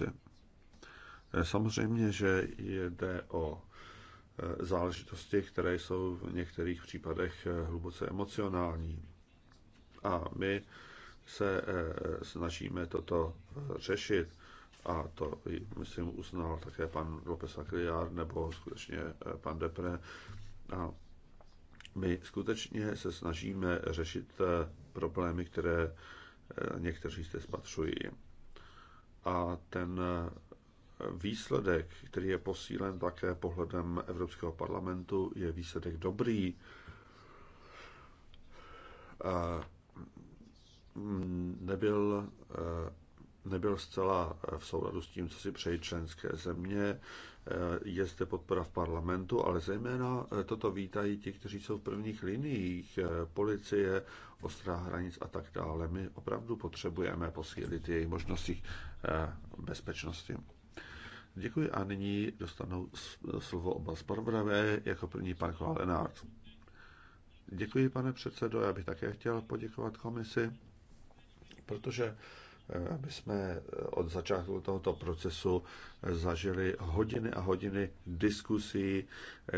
opozici. Eh, samozřejmě, že jde o eh, záležitosti, které jsou v některých případech eh, hluboce emocionální. A my se snažíme toto řešit. A to, myslím, uznal také pan López Akliár nebo skutečně pan Depre. A my skutečně se snažíme řešit problémy, které někteří zde spatřují a ten eh, výsledek, který je posílen také pohledem Evropského parlamentu, je výsledek dobrý. Eh, mm, nebyl, eh, nebyl zcela v souladu s tím, co si přejí členské země. Eh, je zde podpora v parlamentu, ale zejména eh, toto vítají ti, kteří jsou v prvních liniích, eh, policie, ostrá hranic a tak dále. My opravdu potřebujeme posílit jejich možnosti bezpečnosti. Děkuji a nyní dostanou slovo oba zpravodavé, jako první pan Lenárd. Děkuji, pane předsedo, já bych také chtěl poděkovat komisi, protože aby jsme od začátku tohoto procesu zažili hodiny a hodiny diskusí,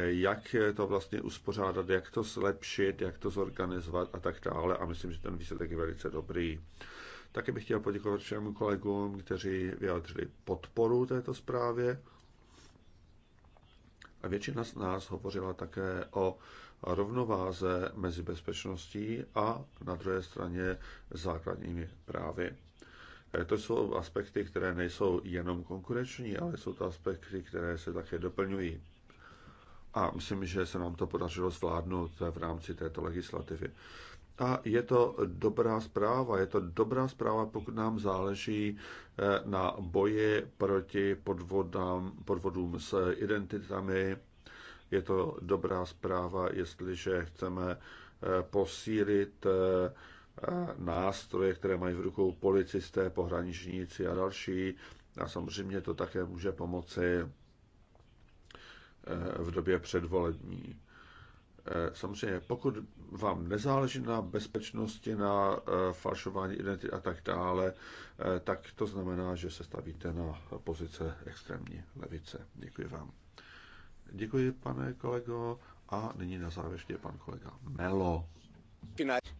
jak to vlastně uspořádat, jak to zlepšit, jak to zorganizovat a tak dále. A myslím, že ten výsledek je velice dobrý. Taky bych chtěl poděkovat všem kolegům, kteří vyjádřili podporu této zprávě. A většina z nás hovořila také o rovnováze mezi bezpečností a na druhé straně základními právy. To jsou aspekty, které nejsou jenom konkurenční, ale jsou to aspekty, které se také doplňují. A myslím, že se nám to podařilo zvládnout v rámci této legislativy. A je to dobrá zpráva. Je to dobrá zpráva, pokud nám záleží eh, na boji proti podvodám, podvodům s identitami. Je to dobrá zpráva, jestliže chceme eh, posílit eh, nástroje, které mají v rukou policisté, pohraničníci a další. A samozřejmě to také může pomoci eh, v době předvolební. Eh, samozřejmě, pokud vám nezáleží na bezpečnosti, na eh, falšování identity a tak dále, tak to znamená, že se stavíte na pozice extrémní levice. Děkuji vám. Děkuji, pane kolego. A nyní na závěr pan kolega Melo.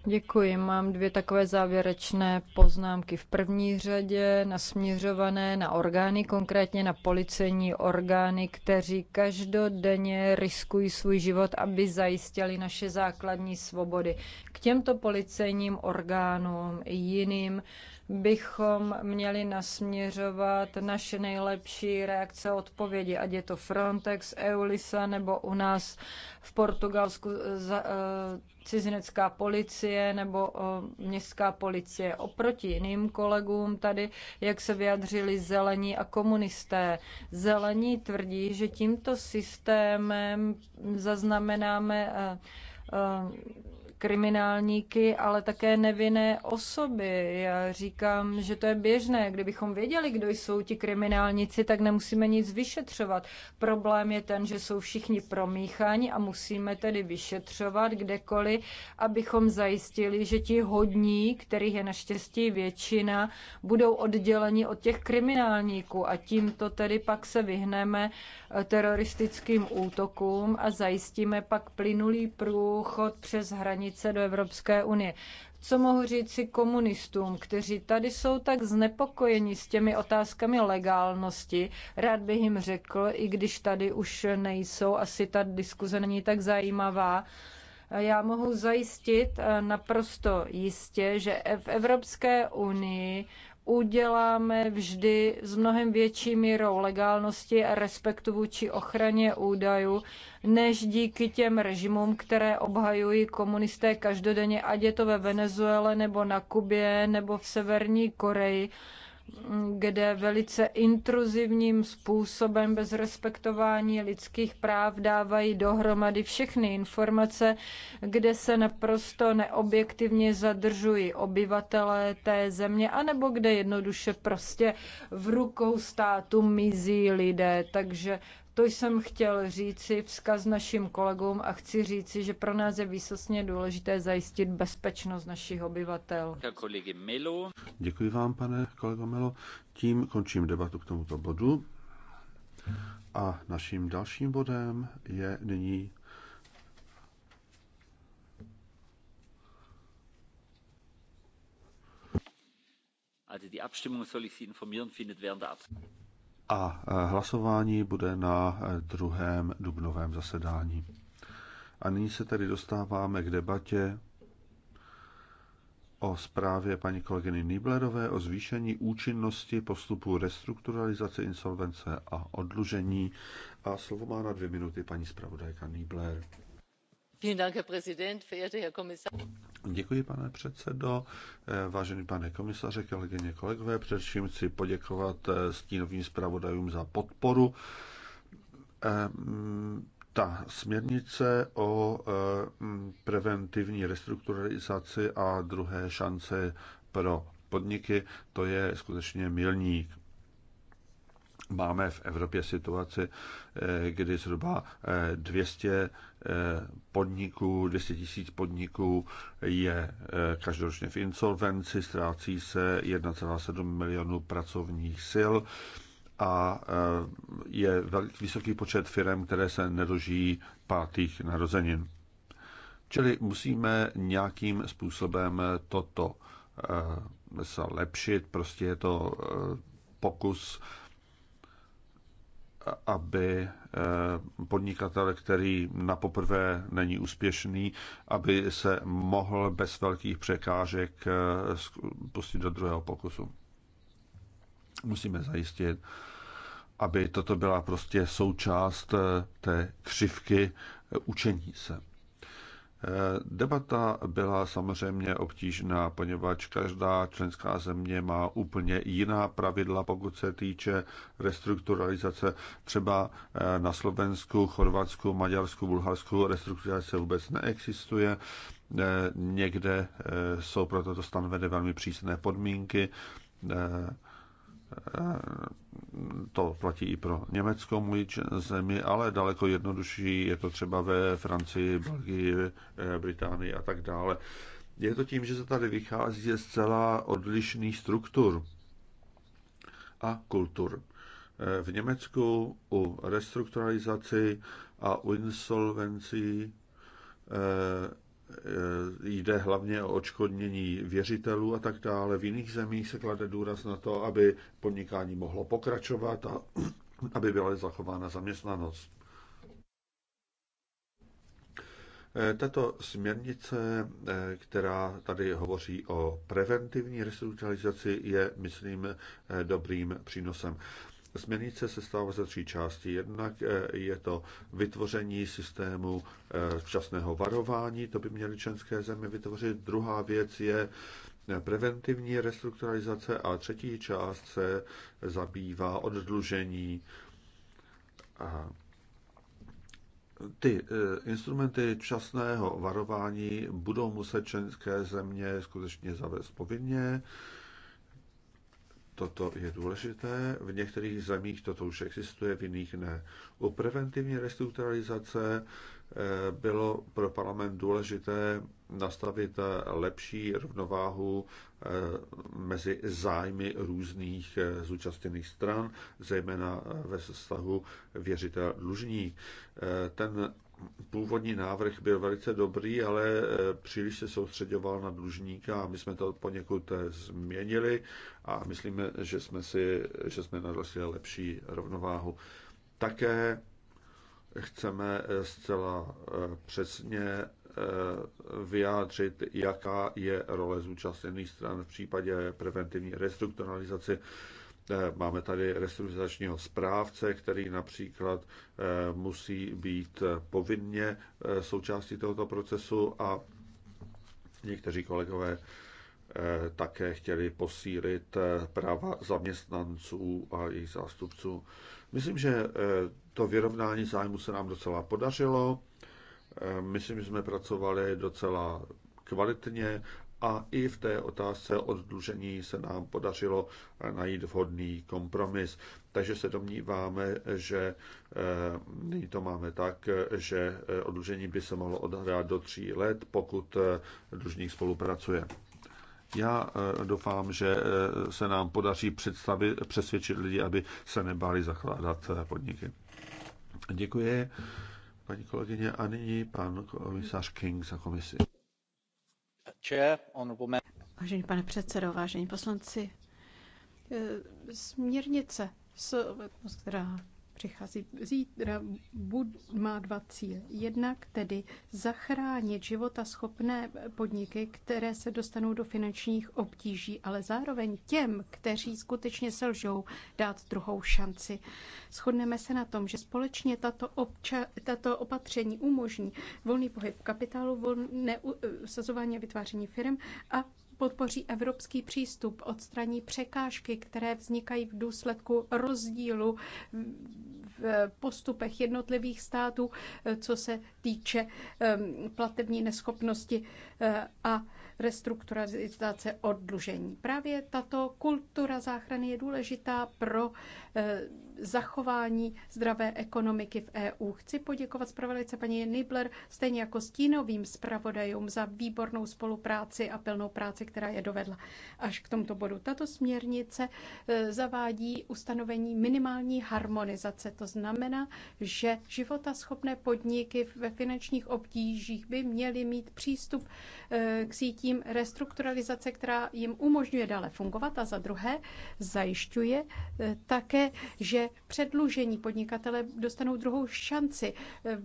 Děkuji. Mám dvě takové závěrečné poznámky. V první řadě nasměřované na orgány, konkrétně na policejní orgány, kteří každodenně riskují svůj život, aby zajistili naše základní svobody. K těmto policejním orgánům i jiným bychom měli nasměřovat naše nejlepší reakce a odpovědi, ať je to Frontex, Eulisa nebo u nás v Portugalsku e, e, cizinecká policie nebo e, městská policie. Oproti jiným kolegům tady, jak se vyjadřili zelení a komunisté. Zelení tvrdí, že tímto systémem zaznamenáme kriminálníky, ale také nevinné osoby. Já říkám, že to je běžné. Kdybychom věděli, kdo jsou ti kriminálníci, tak nemusíme nic vyšetřovat. Problém je ten, že jsou všichni promíchaní a musíme tedy vyšetřovat kdekoliv, abychom zajistili, že ti hodní, kterých je naštěstí většina, budou odděleni od těch kriminálníků a tímto tedy pak se vyhneme eh, teroristickým útokům a zajistíme pak plynulý průchod přes hranice hranice do Evropské unie. Co mohu říct si komunistům, kteří tady jsou tak znepokojeni s těmi otázkami legálnosti? Rád bych jim řekl, i když tady už nejsou, asi ta diskuze není tak zajímavá, já mohu zajistit eh, naprosto jistě, že v Evropské unii uděláme vždy s mnohem větší mírou legálnosti a respektu vůči ochraně údajů, než díky těm režimům, které obhajují komunisté každodenně, ať je to ve Venezuele nebo na Kubě nebo v Severní Koreji kde velice intruzivním způsobem bez respektování lidských práv dávají dohromady všechny informace, kde se naprosto neobjektivně zadržují obyvatelé té země, anebo kde jednoduše prostě v rukou státu mizí lidé. Takže to jsem chtěl říci vzkaz našim kolegům a chci říci, že pro nás je výsostně důležité zajistit bezpečnost našich obyvatel. Děkuji vám, pane kolego Melo. Tím končím debatu k tomuto bodu. A naším dalším bodem je nyní Also die Abstimmung soll ich Sie informieren, findet während der Abstimmung a e, hlasování bude na e, druhém dubnovém zasedání. A nyní se tedy dostáváme k debatě o zprávě paní kolegyny Niblerové o zvýšení účinnosti postupu restrukturalizace insolvence a odlužení. A slovo má na dvě minuty paní zpravodajka Nibler. Děkuji, pane předsedo. Eh, vážený pane komisaře, kolegyně, kolegové, především chci poděkovat eh, stínovým zpravodajům za podporu. Eh, ta směrnice o preventivní restrukturalizaci a druhé šance pro podniky, to je skutečně milník máme v Evropě situaci, eh, kdy zhruba 200 eh, eh, podniků, 200 tisíc podniků je každoročně v insolvenci, ztrácí se 1,7 milionů pracovních sil a je vysoký počet firm, které se nedožijí pátých narozenin. Čili musíme nějakým způsobem toto se lepšit, prostě je to pokus aby eh, podnikatel, který na poprvé není úspěšný, aby se mohl bez velkých překážek eh, pustit do druhého pokusu. Musíme zajistit, aby toto byla prostě součást eh, té křivky učení se. Eh, debata byla samozřejmě obtížná, poněvadž každá členská země má úplně jiná pravidla, pokud se týče restrukturalizace. Třeba eh, na Slovensku, Chorvatsku, Maďarsku, Bulharsku restrukturalizace vůbec neexistuje. Eh, někde jsou pro toto stanoveny velmi přísné podmínky to platí i pro Německo, můj zemi, ale daleko jednodušší je to třeba ve Francii, Belgii, eh, Británii a tak dále. Je to tím, že se tady vychází ze zcela odlišných struktur a kultur. Eh, v Německu u restrukturalizaci a u insolvencí eh, Eh, jde hlavně o očkodnění věřitelů a tak dále. V jiných zemích se klade důraz na to, aby podnikání mohlo pokračovat a aby byla zachována zaměstnanost. Eh, tato směrnice, eh, která tady hovoří o preventivní restrukturalizaci, je, myslím, dobrým přínosem. Směrnice se stává ze tří částí. Jednak eh, je to vytvoření systému eh, včasného varování, to by měly členské země vytvořit. Druhá věc je eh, preventivní restrukturalizace a třetí část se zabývá oddlužení. A ty instrumenty časného varování budou muset členské země skutečně zavést povinně Toto je důležité, v některých zemích toto už existuje, v jiných ne. U preventivní restrukturalizace eh, bylo pro parlament důležité nastavit eh, lepší rovnováhu eh, mezi zájmy různých zúčastněných stran, zejména ve vztahu věřitel-dlužník. Ten původní návrh byl velice dobrý, ale eh, příliš se soustředoval na dlužníka a my jsme to poněkud eh, změnili a myslíme, že jsme, si, že jsme nadlesli lepší rovnováhu. Také chceme eh, zcela přesně vyjádřit, jaká je role zúčastněných stran v případě preventivní restrukturalizace Eh, máme tady restrukturizačního správce, který například eh, musí být eh, povinně součástí tohoto procesu a někteří kolegové také chtěli posílit práva zaměstnanců a jejich zástupců. Myslím, že to vyrovnání zájmu se nám docela podařilo. Myslím, že jsme pracovali docela kvalitně a i v té otázce oddlužení se nám podařilo najít vhodný kompromis. Takže se domníváme, že eh, nyní to máme tak, že eh, oddlužení by se mohlo odhrát do tří let, pokud eh, dlužník spolupracuje. Já doufám, že se nám podaří představit, přesvědčit lidi, aby se nebáli zakládat podniky. Děkuji, paní kolegyně. A nyní pan komisař King za komisi. Vážený pane předsedo, vážení poslanci, eh, směrnice, která přichází zítra, bud, má dva cíle. Jednak tedy zachránit života schopné podniky, které se dostanou do finančních obtíží, ale zároveň těm, kteří skutečně selžou, dát druhou šanci. Shodneme se na tom, že společně tato, obča, tato opatření umožní volný pohyb kapitálu, volné usazování eh, a vytváření firm a podpoří evropský přístup, odstraní překážky, které vznikají v důsledku rozdílu postupech jednotlivých států, co se týče platební neschopnosti eh, a restrukturalizace odlužení. Právě tato kultura záchrany je důležitá pro eh, zachování zdravé ekonomiky v EU. Chci poděkovat zpravodajce paní Nibler, stejně jako stínovým zpravodajům za výbornou spolupráci a plnou práci, která je dovedla až k tomuto bodu. Tato směrnice eh, zavádí ustanovení minimální harmonizace, to znamená, že životaschopné podniky ve finančních obtížích by měly mít přístup eh, k sítím restrukturalizace, která jim umožňuje dále fungovat a za druhé zajišťuje eh, také, že předlužení podnikatele dostanou druhou šanci eh,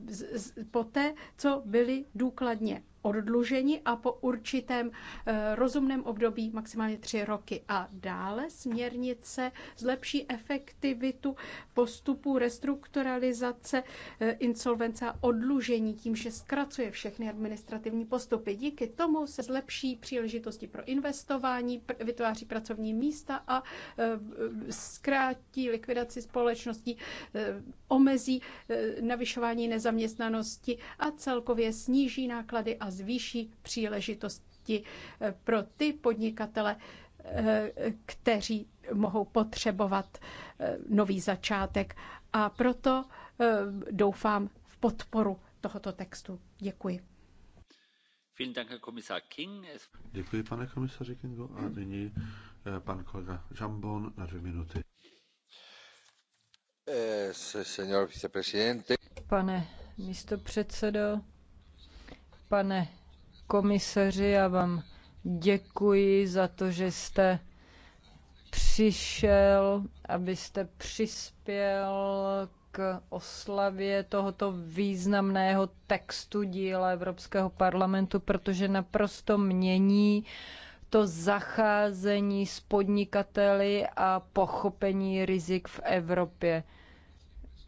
poté, co byli důkladně odlužení a po určitém eh, rozumném období maximálně tři roky. A dále směrnice zlepší efektivitu postupu restrukturalizace eh, insolvence a odlužení tím, že zkracuje všechny administrativní postupy. Díky tomu se zlepší příležitosti pro investování, vytváří pracovní místa a eh, zkrátí likvidaci společností, omezí navyšování nezaměstnanosti a celkově sníží náklady a zvýší příležitosti eh, pro ty podnikatele, eh, kteří mohou potřebovat eh, nový začátek. A proto doufám v podporu tohoto textu. Děkuji. Děkuji, pane komisaři Kingu. A nyní pan kolega Žambon na dvě minuty. Pane předsedo, Pane komisaři, já vám děkuji za to, že jste přišel, abyste přispěl k oslavě tohoto významného textu díla Evropského parlamentu, protože naprosto mění to zacházení s podnikateli a pochopení rizik v Evropě.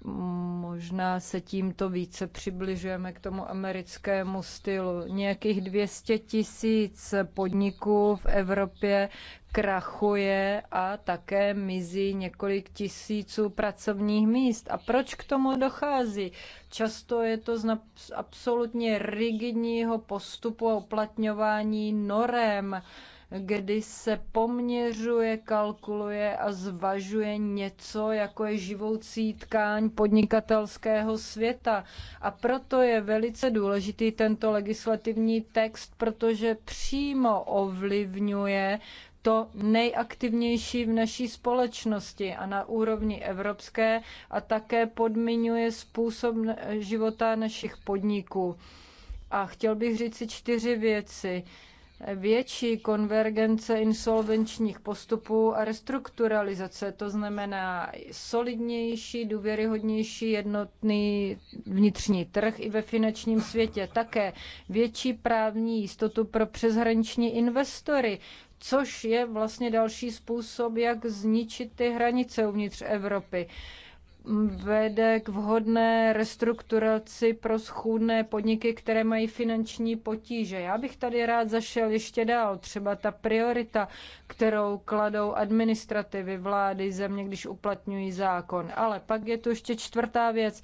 Možná se tímto více přibližujeme k tomu americkému stylu. Nějakých 200 tisíc podniků v Evropě krachuje a také mizí několik tisíců pracovních míst. A proč k tomu dochází? Často je to z absolutně rigidního postupu a uplatňování norem kdy se poměřuje, kalkuluje a zvažuje něco, jako je živoucí tkáň podnikatelského světa. A proto je velice důležitý tento legislativní text, protože přímo ovlivňuje to nejaktivnější v naší společnosti a na úrovni evropské a také podmiňuje způsob života našich podniků. A chtěl bych říct si čtyři věci větší konvergence insolvenčních postupů a restrukturalizace, to znamená solidnější, důvěryhodnější jednotný vnitřní trh i ve finančním světě, také větší právní jistotu pro přeshraniční investory, což je vlastně další způsob, jak zničit ty hranice uvnitř Evropy vede k vhodné restrukturaci pro schůdné podniky, které mají finanční potíže. Já bych tady rád zašel ještě dál. Třeba ta priorita, kterou kladou administrativy vlády země, když uplatňují zákon. Ale pak je tu ještě čtvrtá věc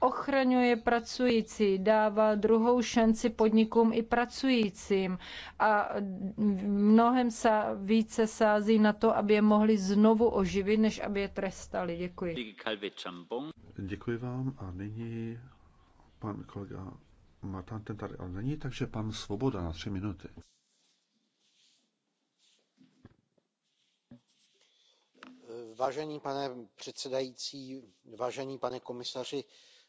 ochraňuje pracující, dává druhou šanci podnikům i pracujícím a mnohem sa, více sází na to, aby je mohli znovu oživit, než aby je trestali. Děkuji. Děkuji vám a nyní pan kolega Matan, ten tady ale není, takže pan Svoboda na tři minuty. Vážený pane předsedající, vážený pane komisaři,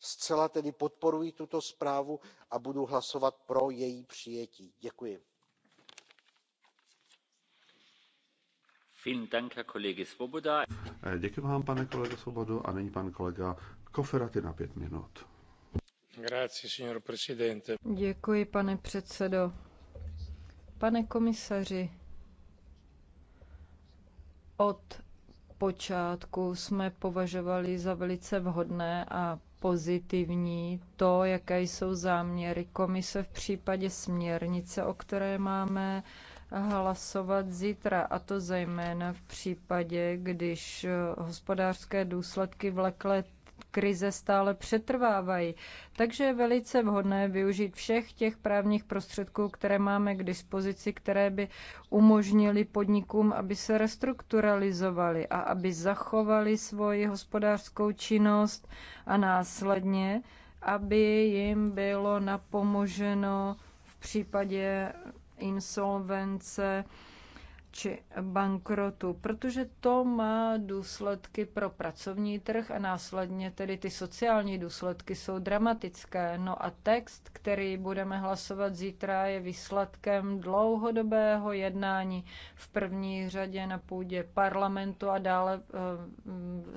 zcela tedy podporuji tuto zprávu a budu hlasovat pro její přijetí. děkuji. Eh, děkuji vám, pane kolego Svobodo, a nyní pan kolega Koferaty na pět minut. Děkuji, pane předsedo. Pane komisaři, od počátku jsme považovali za velice vhodné a pozitivní to, jaké jsou záměry komise v případě směrnice, o které máme hlasovat zítra, a to zejména v případě, když hospodářské důsledky vleklé krize stále přetrvávají. Takže je velice vhodné využít všech těch právních prostředků, které máme k dispozici, které by umožnili podnikům, aby se restrukturalizovali a aby zachovali svoji hospodářskou činnost a následně, aby jim bylo napomoženo v případě insolvence, či bankrotu, protože to má důsledky pro pracovní trh a následně tedy ty sociální důsledky jsou dramatické. No a text, který budeme hlasovat zítra, je výsledkem dlouhodobého jednání v první řadě na půdě parlamentu a dále eh,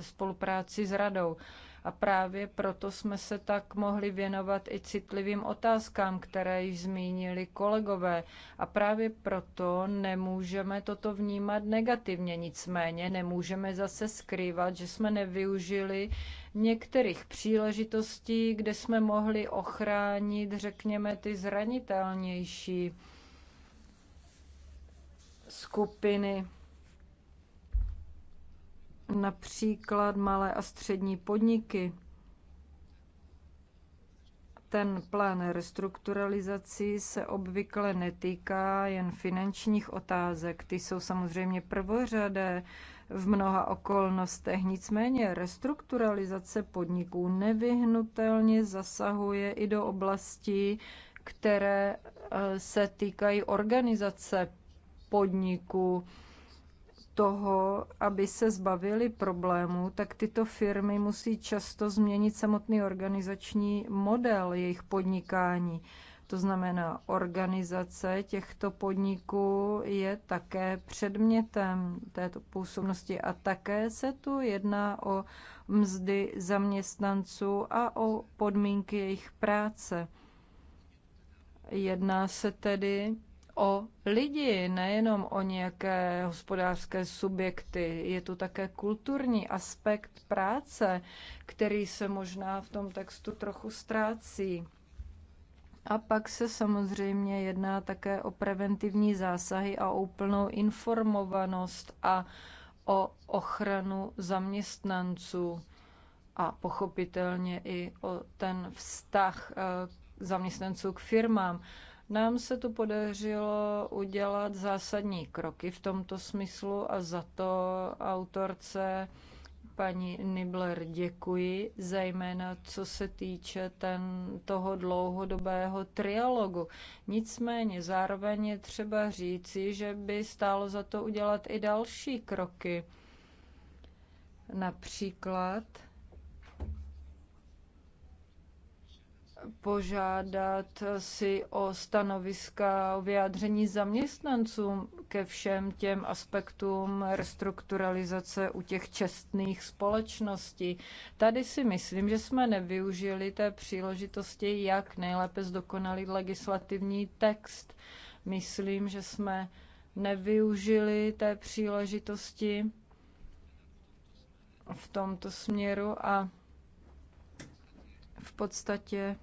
v spolupráci s radou. A právě proto jsme se tak mohli věnovat i citlivým otázkám, které již zmínili kolegové. A právě proto nemůžeme toto vnímat negativně. Nicméně nemůžeme zase skrývat, že jsme nevyužili některých příležitostí, kde jsme mohli ochránit, řekněme, ty zranitelnější skupiny například malé a střední podniky. Ten plán restrukturalizací se obvykle netýká jen finančních otázek, ty jsou samozřejmě prvořadé v mnoha okolnostech. Nicméně restrukturalizace podniků nevyhnutelně zasahuje i do oblastí, které eh, se týkají organizace podniku toho, aby se zbavili problémů, tak tyto firmy musí často změnit samotný organizační model jejich podnikání. To znamená, organizace těchto podniků je také předmětem této působnosti a také se tu jedná o mzdy zaměstnanců a o podmínky jejich práce. Jedná se tedy o lidi, nejenom o nějaké hospodářské subjekty. Je tu také kulturní aspekt práce, který se možná v tom textu trochu ztrácí. A pak se samozřejmě jedná také o preventivní zásahy a o úplnou informovanost a o ochranu zaměstnanců a pochopitelně i o ten vztah eh, zaměstnanců k firmám. Nám se tu podařilo udělat zásadní kroky v tomto smyslu a za to autorce paní Nibler děkuji, zejména co se týče ten, toho dlouhodobého trialogu. Nicméně zároveň je třeba říci, že by stálo za to udělat i další kroky. Například požádat si o stanoviska, o vyjádření zaměstnancům ke všem těm aspektům restrukturalizace u těch čestných společností. Tady si myslím, že jsme nevyužili té příležitosti, jak nejlépe zdokonalit legislativní text. Myslím, že jsme nevyužili té příležitosti v tomto směru a v podstatě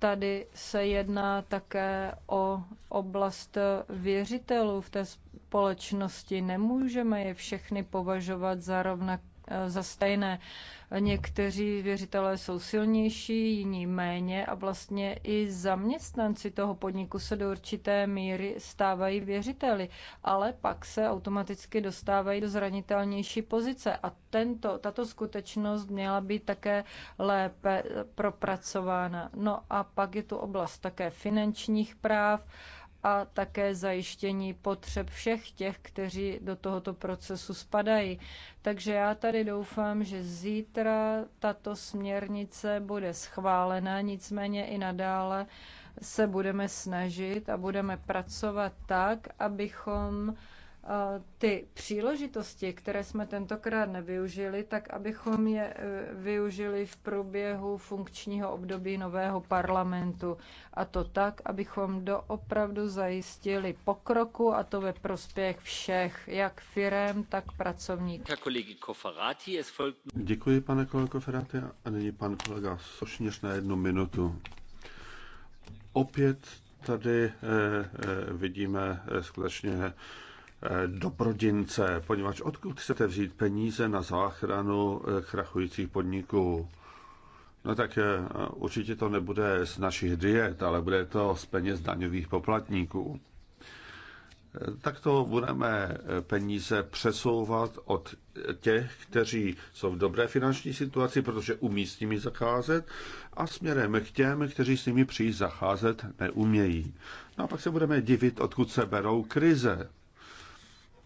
Tady se jedná také o oblast věřitelů v té společnosti. Nemůžeme je všechny považovat za rovnak za stejné. Někteří věřitelé jsou silnější, jiní méně a vlastně i zaměstnanci toho podniku se do určité míry stávají věřiteli, ale pak se automaticky dostávají do zranitelnější pozice a tento, tato skutečnost měla být také lépe propracována. No a pak je tu oblast také finančních práv, a také zajištění potřeb všech těch, kteří do tohoto procesu spadají. Takže já tady doufám, že zítra tato směrnice bude schválena, nicméně i nadále se budeme snažit a budeme pracovat tak, abychom Eh, ty příležitosti, které jsme tentokrát nevyužili, tak abychom je eh, využili v průběhu funkčního období nového parlamentu. A to tak, abychom doopravdu zajistili pokroku a to ve prospěch všech, jak firem, tak pracovníků. Děkuji, pane kolego Ferrati. A nyní pan kolega Sošněř na jednu minutu. Opět tady eh, vidíme skutečně Eh, dobrodince, poněvadž odkud chcete vzít peníze na záchranu eh, krachujících podniků? No tak eh, určitě to nebude z našich diet, ale bude to z peněz daňových poplatníků. Tak to budeme peníze přesouvat od těch, kteří jsou v dobré finanční situaci, protože umí s nimi zacházet, a směrem k těm, kteří s nimi přijít zacházet neumějí. No a pak se budeme divit, odkud se berou krize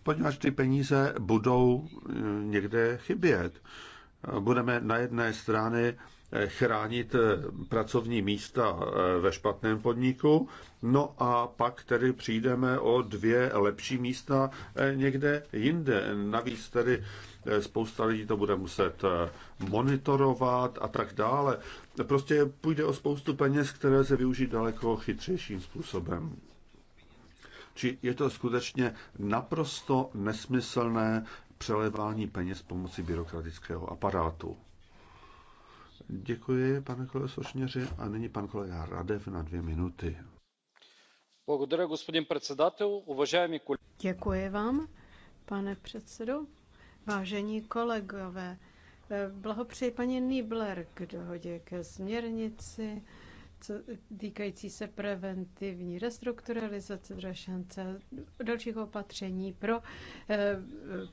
poněvadž ty peníze budou eh, někde chybět. Budeme na jedné straně eh, chránit eh, pracovní místa ve špatném podniku, no a pak tedy přijdeme o dvě lepší místa někde jinde. Navíc tedy spousta lidí to bude muset monitorovat a tak dále. Prostě půjde o spoustu peněz, které se využít daleko chytřejším způsobem. Či je to skutečně naprosto nesmyslné přelevání peněz pomocí byrokratického aparátu. Děkuji, pane kolego Sošněři. A nyní pan kolega Radev na dvě minuty. Děkuji vám, pane předsedo. Vážení kolegové, eh, blahopřeji paní Nibler k dohodě ke směrnici týkající se preventivní restrukturalizace Drašance, dalších opatření pro eh,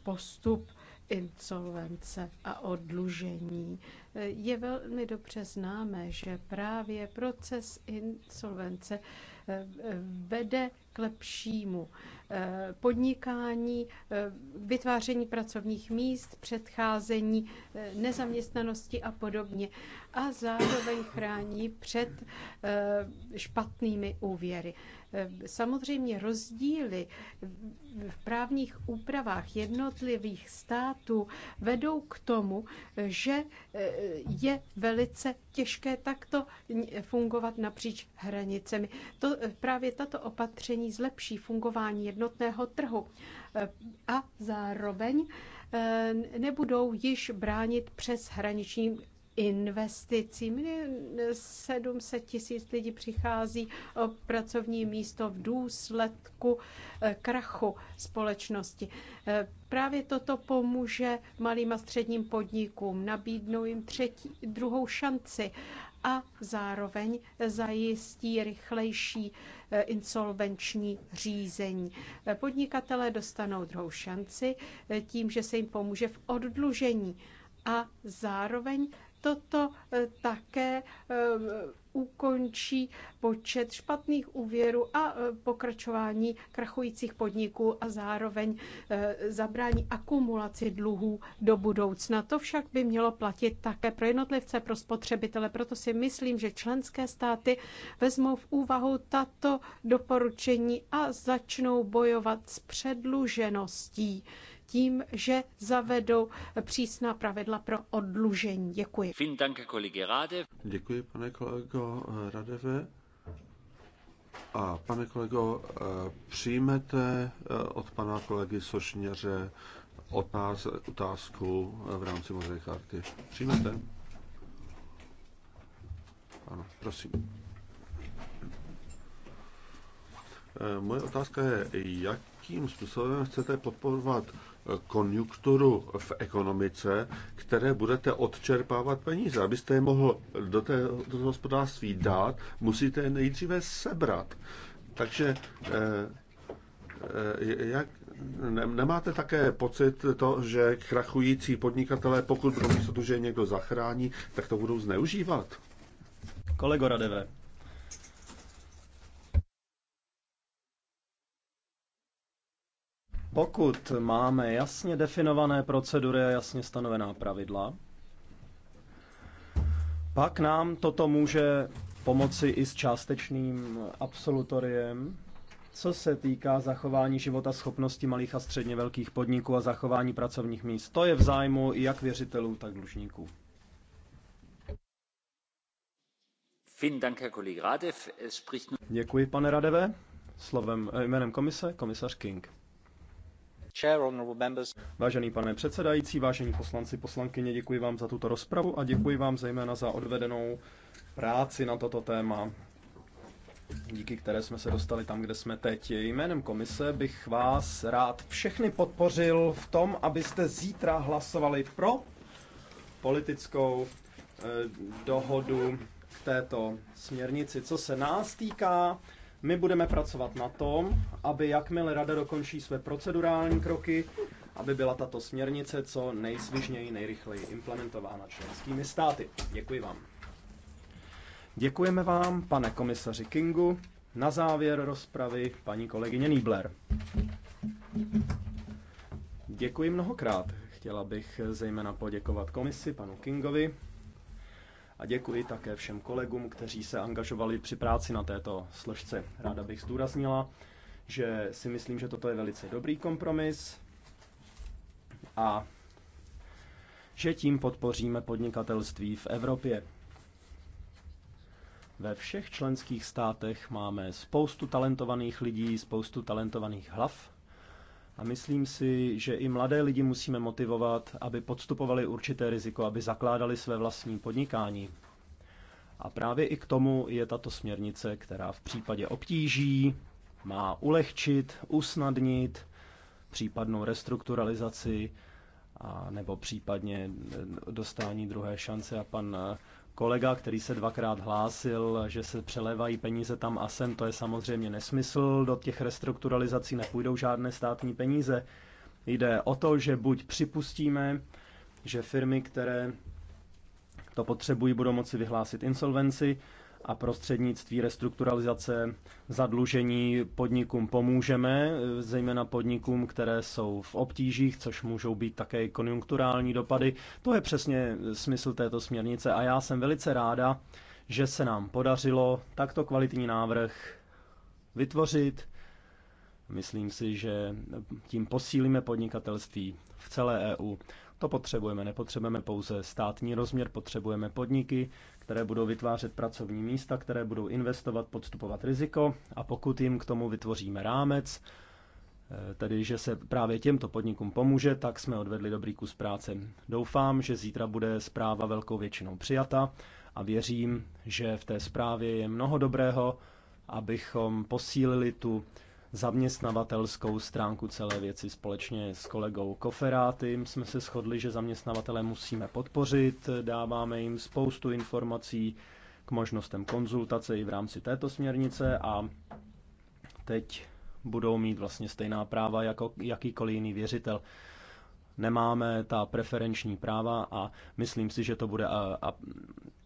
postup insolvence a odlužení. Eh, je velmi dobře známé, že právě proces insolvence eh, vede k lepšímu podnikání, eh, vytváření pracovních míst, předcházení eh, nezaměstnanosti a podobně. A zároveň chrání před eh, špatnými úvěry. Samozřejmě rozdíly v právních úpravách jednotlivých států vedou k tomu, že eh, je velice těžké takto fungovat napříč hranicemi. To, eh, právě tato opatření zlepší fungování jednotného trhu eh, a zároveň nebudou již bránit přes hraničním investicím. 700 tisíc lidí přichází o pracovní místo v důsledku eh, krachu společnosti. Eh, právě toto pomůže malým a středním podnikům, nabídnou jim třetí, druhou šanci a zároveň zajistí rychlejší eh, insolvenční řízení. Podnikatelé dostanou druhou šanci tím, že se jim pomůže v oddlužení a zároveň Toto e, také e, ukončí počet špatných úvěrů a e, pokračování krachujících podniků a zároveň zabrání akumulaci dluhů do budoucna. To však by mělo platit také pro jednotlivce, pro spotřebitele. Proto si myslím, že členské státy vezmou v úvahu tato doporučení a začnou bojovat s předlužeností tím, že zavedou přísná pravidla pro odlužení. Děkuji. Děkuji, pane kolego Radeve. A pane kolego, eh, přijmete eh, od pana kolegy Sošněře otáz, otázku eh, v rámci modré karty. Přijmete? Ano, prosím. Moje otázka je, jakým způsobem chcete podporovat konjunkturu v ekonomice, které budete odčerpávat peníze. Abyste je mohl do, té, do toho hospodářství dát, musíte je nejdříve sebrat. Takže eh, eh, jak, nemáte také pocit to, že krachující podnikatelé, pokud budou že je někdo zachrání, tak to budou zneužívat? Kolego Radeve, Pokud máme jasně definované procedury a jasně stanovená pravidla, pak nám toto může pomoci i s částečným absolutoriem, co se týká zachování života schopnosti malých a středně velkých podniků a zachování pracovních míst. To je v zájmu jak věřitelů, tak dlužníků. Děkuji, pane Radeve. Slovem, jménem komise, komisař King. Vážený pane předsedající, vážení poslanci, poslankyně, děkuji vám za tuto rozpravu a děkuji vám zejména za odvedenou práci na toto téma, díky které jsme se dostali tam, kde jsme teď. Jménem komise bych vás rád všechny podpořil v tom, abyste zítra hlasovali pro politickou eh, dohodu k této směrnici. Co se nás týká, my budeme pracovat na tom, aby jakmile rada dokončí své procedurální kroky, aby byla tato směrnice co nejsvižněji, nejrychleji implementována členskými státy. Děkuji vám. Děkujeme vám, pane komisaři Kingu. Na závěr rozpravy paní kolegyně Niebler. Děkuji mnohokrát. Chtěla bych zejména poděkovat komisi, panu Kingovi, a děkuji také všem kolegům, kteří se angažovali při práci na této složce. Ráda bych zdůraznila, že si myslím, že toto je velice dobrý kompromis a že tím podpoříme podnikatelství v Evropě. Ve všech členských státech máme spoustu talentovaných lidí, spoustu talentovaných hlav a myslím si, že i mladé lidi musíme motivovat, aby podstupovali určité riziko, aby zakládali své vlastní podnikání. A právě i k tomu je tato směrnice, která v případě obtíží má ulehčit, usnadnit případnou restrukturalizaci a nebo případně dostání druhé šance. A pan kolega, který se dvakrát hlásil, že se přelevají peníze tam a sem, to je samozřejmě nesmysl. Do těch restrukturalizací nepůjdou žádné státní peníze. Jde o to, že buď připustíme, že firmy, které to potřebují, budou moci vyhlásit insolvenci, a prostřednictví restrukturalizace zadlužení podnikům pomůžeme, zejména podnikům, které jsou v obtížích, což můžou být také konjunkturální dopady. To je přesně smysl této směrnice a já jsem velice ráda, že se nám podařilo takto kvalitní návrh vytvořit. Myslím si, že tím posílíme podnikatelství v celé EU. To potřebujeme. Nepotřebujeme pouze státní rozměr, potřebujeme podniky, které budou vytvářet pracovní místa, které budou investovat, podstupovat riziko a pokud jim k tomu vytvoříme rámec, eh, tedy že se právě těmto podnikům pomůže, tak jsme odvedli dobrý kus práce. Doufám, že zítra bude zpráva velkou většinou přijata a věřím, že v té zprávě je mnoho dobrého, abychom posílili tu zaměstnavatelskou stránku celé věci společně s kolegou Koferátym. Jsme se shodli, že zaměstnavatele musíme podpořit, dáváme jim spoustu informací k možnostem konzultace i v rámci této směrnice a teď budou mít vlastně stejná práva jako jakýkoliv jiný věřitel. Nemáme ta preferenční práva a myslím si, že to bude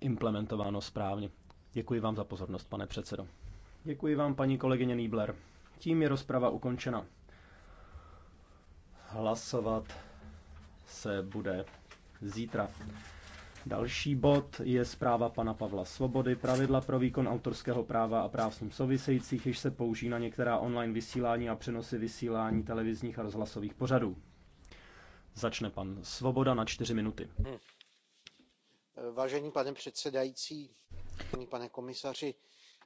implementováno správně. Děkuji vám za pozornost, pane předsedo. Děkuji vám, paní kolegyně Nýbler. Tím je rozprava ukončena. Hlasovat se bude zítra. Další bod je zpráva pana Pavla Svobody. Pravidla pro výkon autorského práva a práv s ním souvisejících, jež se použijí na některá online vysílání a přenosy vysílání televizních a rozhlasových pořadů. Začne pan Svoboda na čtyři minuty. Hm. Vážený pane předsedající, pane komisaři,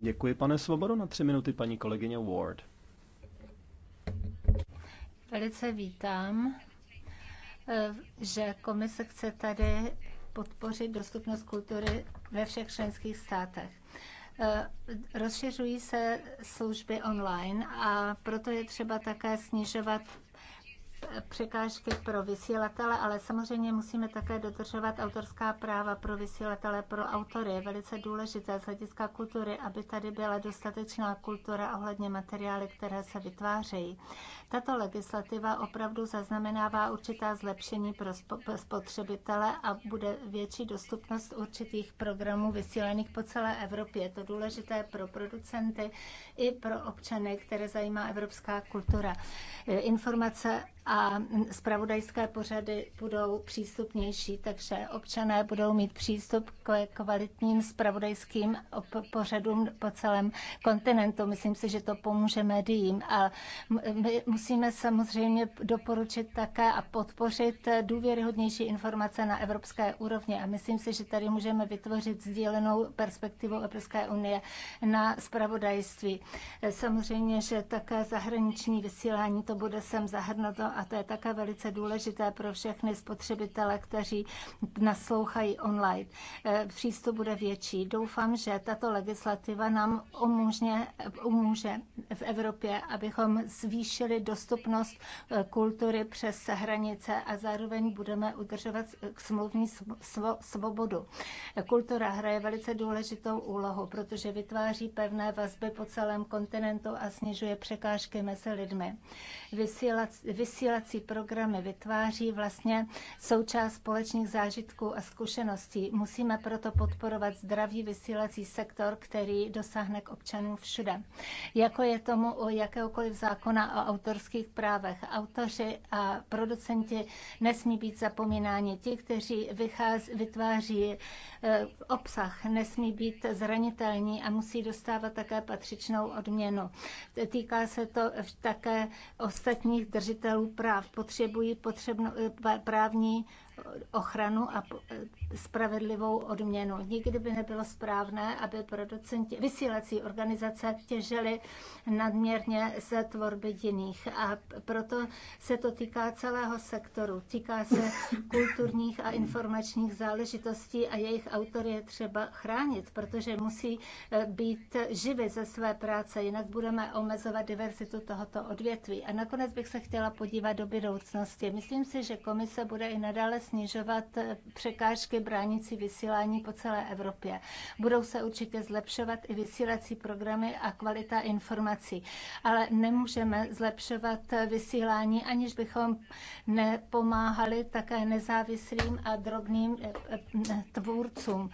Děkuji, pane Svobodo. Na tři minuty paní kolegyně Ward. Velice vítám, eh, že komise chce tady podpořit dostupnost kultury ve všech členských státech eh, rozšiřují se služby online a proto je třeba také snižovat překážky pro vysílatele, ale samozřejmě musíme také dodržovat autorská práva pro vysílatele, pro autory. Je velice důležité z hlediska kultury, aby tady byla dostatečná kultura ohledně materiály, které se vytvářejí. Tato legislativa opravdu zaznamenává určitá zlepšení pro spotřebitele a bude větší dostupnost určitých programů vysílených po celé Evropě. Je to důležité pro producenty i pro občany, které zajímá evropská kultura. Informace a zpravodajské pořady budou přístupnější, takže občané budou mít přístup k kvalitním zpravodajským pořadům po celém kontinentu. Myslím si, že to pomůže médiím a my musíme samozřejmě doporučit také a podpořit důvěryhodnější informace na evropské úrovni a myslím si, že tady můžeme vytvořit sdílenou perspektivu Evropské unie na zpravodajství. Samozřejmě, že také zahraniční vysílání to bude sem zahrnuto a to je také velice důležité pro všechny spotřebitele, kteří naslouchají online. Eh, přístup bude větší. Doufám, že tato legislativa nám umůže, umůže v Evropě, abychom zvýšili dostupnost eh, kultury přes hranice a zároveň budeme udržovat eh, smluvní svobodu. Kultura hraje velice důležitou úlohu, protože vytváří pevné vazby po celém kontinentu a snižuje překážky mezi lidmi. Vysílat, vysílat vzdělací programy vytváří, vlastně součást společných zážitků a zkušeností. Musíme proto podporovat zdravý vysílací sektor, který dosáhne k občanům všude. Jako je tomu u jakéhokoliv zákona o autorských právech. Autoři a producenti nesmí být zapomínáni. Ti, kteří vycház, vytváří eh, obsah, nesmí být zranitelní a musí dostávat také patřičnou odměnu. Týká se to také ostatních držitelů práv, potřebují potřebno, eh, právní ochranu a eh, spravedlivou odměnu. Nikdy by nebylo správné, aby producenti, vysílací organizace těžily nadměrně ze tvorby jiných. A proto se to týká celého sektoru. Týká se kulturních a informačních záležitostí a jejich autory je třeba chránit, protože musí eh, být živy ze své práce, jinak budeme omezovat diverzitu tohoto odvětví. A nakonec bych se chtěla podívat do budoucnosti. Myslím si, že komise bude i nadále snižovat eh, překážky bránící vysílání po celé Evropě. Budou se určitě zlepšovat i vysílací programy a kvalita informací, ale nemůžeme zlepšovat eh, vysílání, aniž bychom nepomáhali také nezávislým a drobným eh, tvůrcům.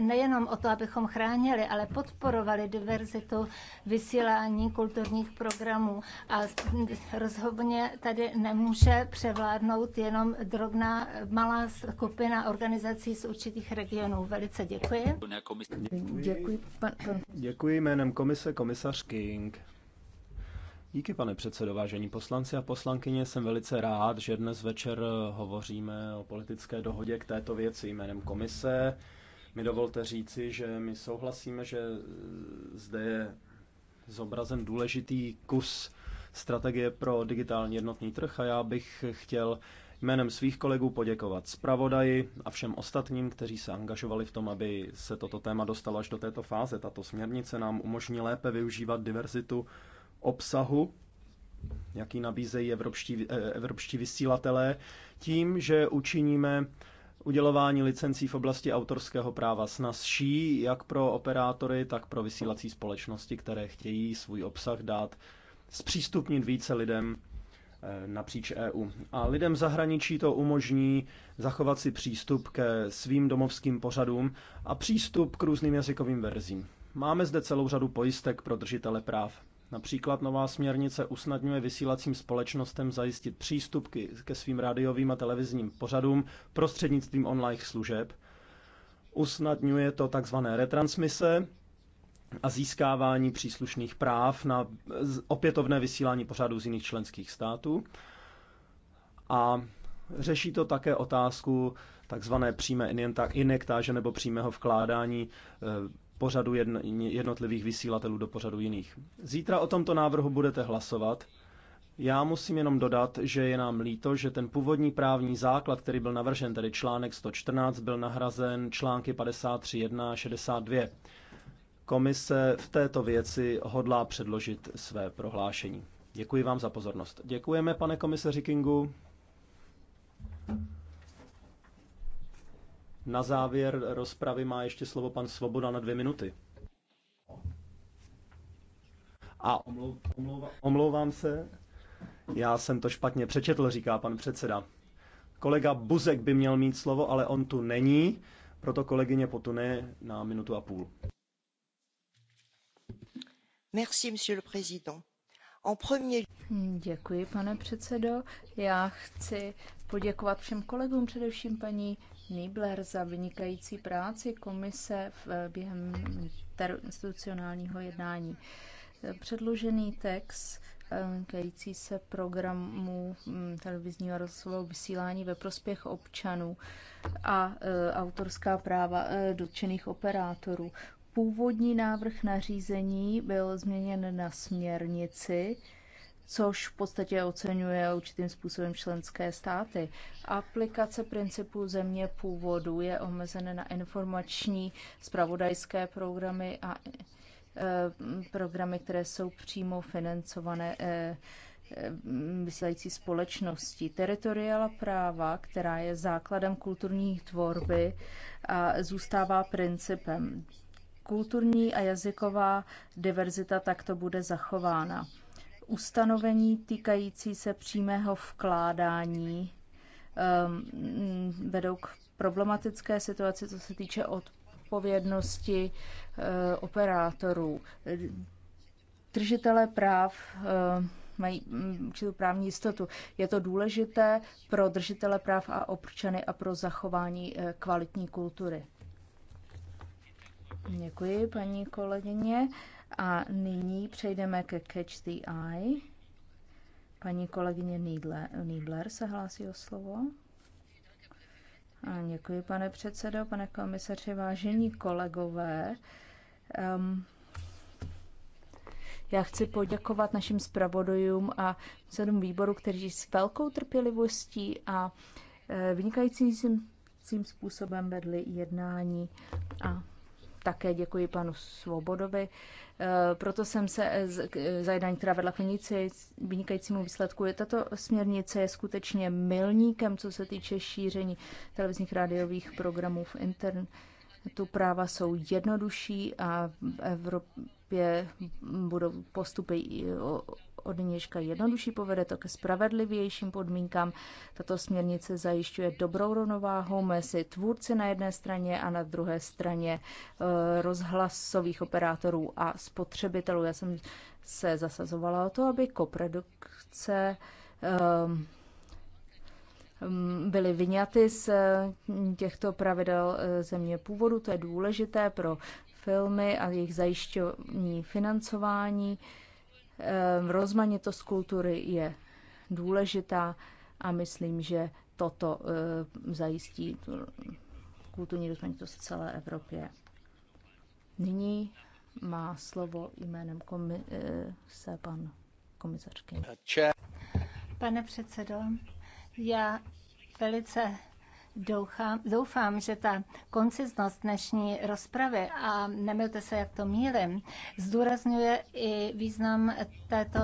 Nejenom o to, abychom chránili, ale podporovali diverzitu vysílání kulturních programů a rozhodně tady nemůže převládnout jenom drobná jedna malá skupina organizací z určitých regionů. Velice děkuji. Děkuji, děkuji jménem komise komisař King. Díky, pane předsedo, vážení poslanci a poslankyně. Jsem velice rád, že dnes večer hovoříme o politické dohodě k této věci jménem komise. Mi dovolte říci, že my souhlasíme, že zde je zobrazen důležitý kus strategie pro digitální jednotný trh a já bych chtěl jménem svých kolegů poděkovat zpravodaji a všem ostatním, kteří se angažovali v tom, aby se toto téma dostalo až do této fáze. Tato směrnice nám umožní lépe využívat diverzitu obsahu, jaký nabízejí evropští, eh, evropští vysílatelé, tím, že učiníme udělování licencí v oblasti autorského práva snazší jak pro operátory, tak pro vysílací společnosti, které chtějí svůj obsah dát zpřístupnit více lidem Eh, napříč EU. A lidem zahraničí to umožní zachovat si přístup ke svým domovským pořadům a přístup k různým jazykovým verzím. Máme zde celou řadu pojistek pro držitele práv. Například nová směrnice usnadňuje vysílacím společnostem zajistit přístup ke svým rádiovým a televizním pořadům prostřednictvím online služeb. Usnadňuje to tzv. retransmise, a získávání příslušných práv na opětovné vysílání pořadů z jiných členských států. A řeší to také otázku takzvané přímé injektáže nebo přímého vkládání e, pořadu jednotlivých vysílatelů do pořadu jiných. Zítra o tomto návrhu budete hlasovat. Já musím jenom dodat, že je nám líto, že ten původní právní základ, který byl navržen, tedy článek 114, byl nahrazen články 53.1 a 62. Komise v této věci hodlá předložit své prohlášení. Děkuji vám za pozornost. Děkujeme, pane komisaři Kingu. Na závěr rozpravy má ještě slovo pan Svoboda na dvě minuty. A omlouvám se, já jsem to špatně přečetl, říká pan předseda. Kolega Buzek by měl mít slovo, ale on tu není, proto kolegyně Potune na minutu a půl. Hmm, děkuji, pane předsedo. Já chci poděkovat všem kolegům, především paní Nibler, za vynikající práci komise v, eh, během interinstitucionálního jednání. Předložený text eh, týkající se programu hm, televizního a rozhlasového vysílání ve prospěch občanů a eh, autorská práva dotčených operátorů. Původní návrh nařízení byl změněn na směrnici, což v podstatě oceňuje určitým způsobem členské státy. Aplikace principu země původu je omezena na informační spravodajské programy a e, programy, které jsou přímo financované e, e vysílající společnosti. Teritoriála práva, která je základem kulturní tvorby, a zůstává principem kulturní a jazyková diverzita takto bude zachována. Ustanovení týkající se přímého vkládání ehm, vedou k problematické situaci, co se týče odpovědnosti eh, operátorů. Držitelé práv eh, mají mm, určitou právní jistotu. Je to důležité pro držitele práv a občany a pro zachování eh, kvalitní kultury. Děkuji, paní kolegyně. A nyní přejdeme ke Catch the Eye. Paní kolegyně Nídler se hlásí o slovo. A děkuji, pane předsedo, pane komisaři, vážení kolegové. Um, já chci poděkovat našim zpravodajům a sedm výboru, kteří s velkou trpělivostí a e, vynikajícím způsobem vedli jednání a také děkuji panu Svobodovi. Eh, proto jsem se eh, eh, za jednání, která vedla k vynikajícímu výsledku, je tato směrnice je skutečně milníkem, co se týče šíření televizních rádiových programů v internetu. Práva jsou jednodušší a v Evropě budou postupy od nějška jednodušší, povede to ke spravedlivějším podmínkám. Tato směrnice zajišťuje dobrou rovnováhu mezi tvůrci na jedné straně a na druhé straně eh, rozhlasových operátorů a spotřebitelů. Já jsem se zasazovala o to, aby koprodukce ehm, byly vyňaty z hm, těchto pravidel eh, země původu. To je důležité pro filmy a jejich zajišťování financování. Ehm, rozmanitost kultury je důležitá a myslím, že toto ehm, zajistí kulturní rozmanitost v celé Evropě. Nyní má slovo jménem komise ehm, pan komisařky. Pane předsedo, já velice Doufám, doufám, že ta konciznost dnešní rozpravy, a nemilte se, jak to mílim, zdůrazňuje i význam této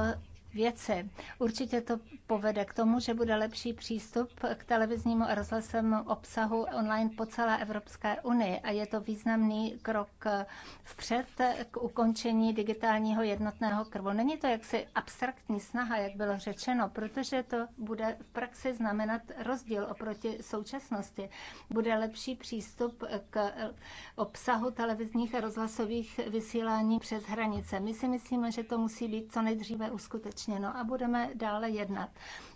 věci. Určitě to povede k tomu, že bude lepší přístup k televiznímu a rozhlasovému obsahu online po celé Evropské unii a je to významný krok vpřed k ukončení digitálního jednotného krvu. Není to jaksi abstraktní snaha, jak bylo řečeno, protože to bude v praxi znamenat rozdíl oproti současnosti. Bude lepší přístup k obsahu televizních a rozhlasových vysílání přes hranice. My si myslíme, že to musí být co nejdříve uskutečněno uskutečněno a budeme dále jednat.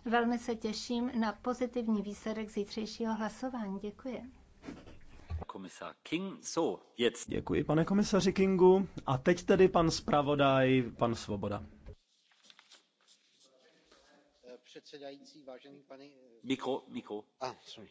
Velmi se těším na pozitivní výsledek zítřejšího hlasování. Děkuji. Komisar King, so, jetzt. Děkuji, pane komisaři Kingu. A teď tedy pan zpravodaj, pan Svoboda. Eh, předsedající, vážený pane... Mikro, mikro. Ah, sorry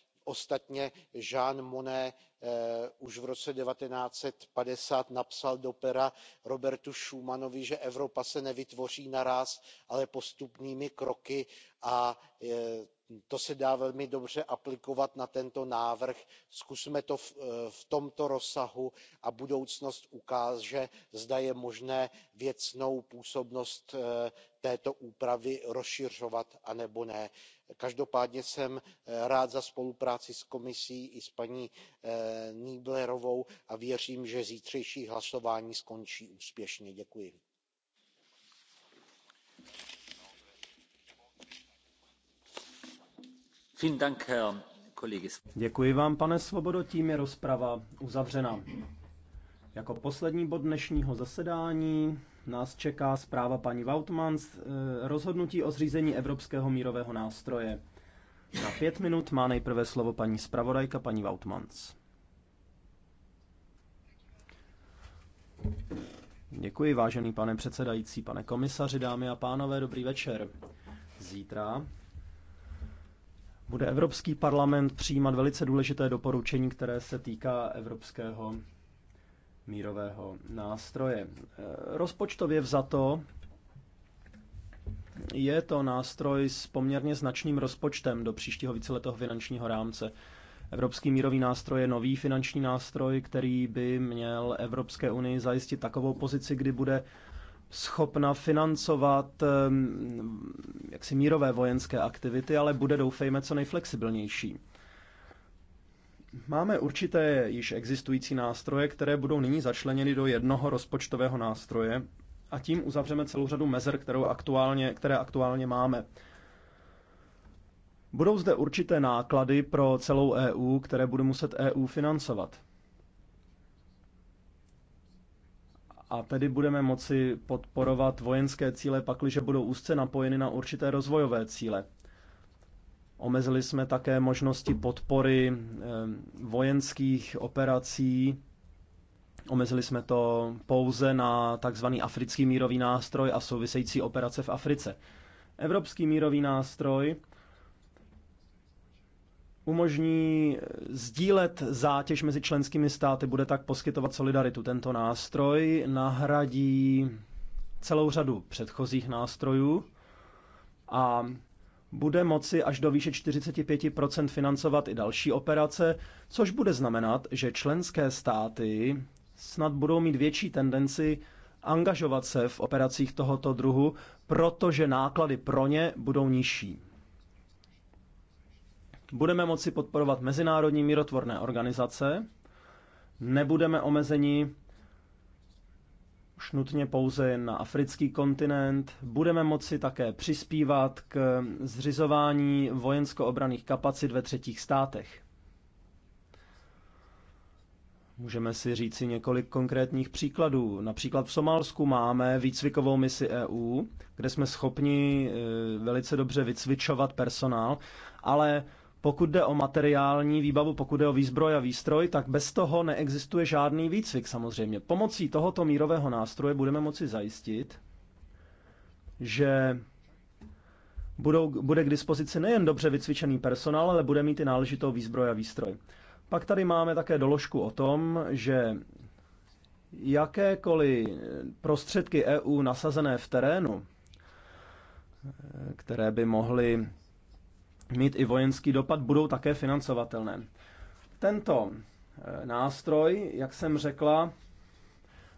ostatně jean monnet eh, už v roce one thousand nine hundred and fifty napsal do pera robertu schumannovi že evropa se nevytvoří naráz ale postupnými kroky a eh, to se dá velmi dobře aplikovat na tento návrh. zkusme to v eh, tomto rozsahu a budoucnost ukáže zda je možné věcnou působnost této úpravy rozšiřovat anebo ne každopádně jsem eh, rád za spolupráci s komisí i s paní eh, nieblerovou a věřím že zítřejší hlasování skončí úspěšně. děkuji. Děkuji vám, pane swobodo tím je rozprava uzavřena. Jako poslední bod dnešního zasedání nás čeká zpráva paní Vautmans, eh, rozhodnutí o zřízení Evropského mírového nástroje. Na pět minut má nejprve slovo paní zpravodajka, paní Vautmans. Děkuji, vážený pane předsedající, pane komisaři, dámy a pánové, dobrý večer. Zítra bude Evropský parlament přijímat velice důležité doporučení, které se týká Evropského mírového nástroje. E, rozpočtově vzato je to nástroj s poměrně značným rozpočtem do příštího víceletého finančního rámce. Evropský mírový nástroj je nový finanční nástroj, který by měl Evropské unii zajistit takovou pozici, kdy bude schopna financovat e, jaksi mírové vojenské aktivity, ale bude, doufejme, co nejflexibilnější. Máme určité již existující nástroje, které budou nyní začleněny do jednoho rozpočtového nástroje a tím uzavřeme celou řadu mezer, kterou aktuálně, které aktuálně máme. Budou zde určité náklady pro celou EU, které bude muset EU financovat. A tedy budeme moci podporovat vojenské cíle, pakliže budou úzce napojeny na určité rozvojové cíle. Omezili jsme také možnosti podpory eh, vojenských operací. Omezili jsme to pouze na tzv. africký mírový nástroj a související operace v Africe. Evropský mírový nástroj umožní eh, sdílet zátěž mezi členskými státy, bude tak poskytovat solidaritu. Tento nástroj nahradí celou řadu předchozích nástrojů a bude moci až do výše 45 financovat i další operace, což bude znamenat, že členské státy snad budou mít větší tendenci angažovat se v operacích tohoto druhu, protože náklady pro ně budou nižší. Budeme moci podporovat mezinárodní mírotvorné organizace, nebudeme omezeni už nutně pouze na africký kontinent. Budeme moci také přispívat k zřizování vojensko-obraných kapacit ve třetích státech. Můžeme si říci několik konkrétních příkladů. Například v Somálsku máme výcvikovou misi EU, kde jsme schopni eh, velice dobře vycvičovat personál, ale pokud jde o materiální výbavu, pokud jde o výzbroj a výstroj, tak bez toho neexistuje žádný výcvik samozřejmě. Pomocí tohoto mírového nástroje budeme moci zajistit, že budou, bude k dispozici nejen dobře vycvičený personál, ale bude mít i náležitou výzbroj a výstroj. Pak tady máme také doložku o tom, že jakékoliv prostředky EU nasazené v terénu, které by mohly mít i vojenský dopad, budou také financovatelné. Tento eh, nástroj, jak jsem řekla,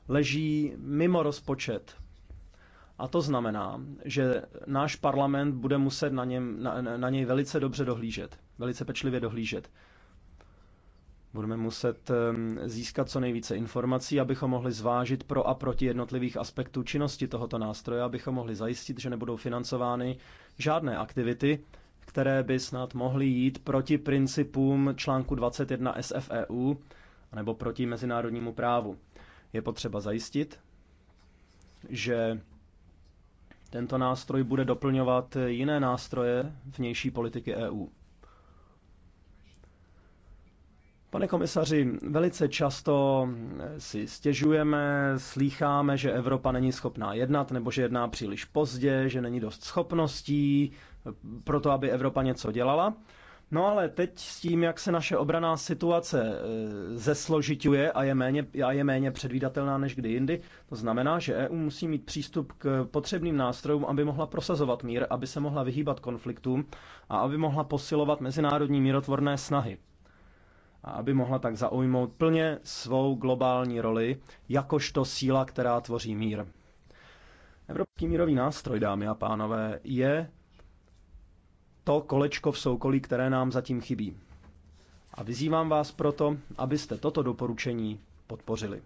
leží mimo rozpočet. A to znamená, že náš parlament bude muset na, něm, na, na něj velice dobře dohlížet, velice pečlivě dohlížet. Budeme muset ehm, získat co nejvíce informací, abychom mohli zvážit pro a proti jednotlivých aspektů činnosti tohoto nástroje, abychom mohli zajistit, že nebudou financovány žádné aktivity, které by snad mohly jít proti principům článku 21 SFEU nebo proti mezinárodnímu právu. Je potřeba zajistit, že tento nástroj bude doplňovat jiné nástroje vnější politiky EU. Pane komisaři, velice často eh, si stěžujeme, slýcháme, že Evropa není schopná jednat, nebo že jedná příliš pozdě, že není dost schopností eh, pro to, aby Evropa něco dělala. No ale teď s tím, jak se naše obraná situace eh, zesložituje a je méně, a je méně předvídatelná než kdy jindy, to znamená, že EU musí mít přístup k potřebným nástrojům, aby mohla prosazovat mír, aby se mohla vyhýbat konfliktům a aby mohla posilovat mezinárodní mírotvorné snahy a aby mohla tak zaujmout plně svou globální roli, jakožto síla, která tvoří mír. Evropský mírový nástroj, dámy a pánové, je to kolečko v soukolí, které nám zatím chybí. A vyzývám vás proto, abyste toto doporučení podpořili.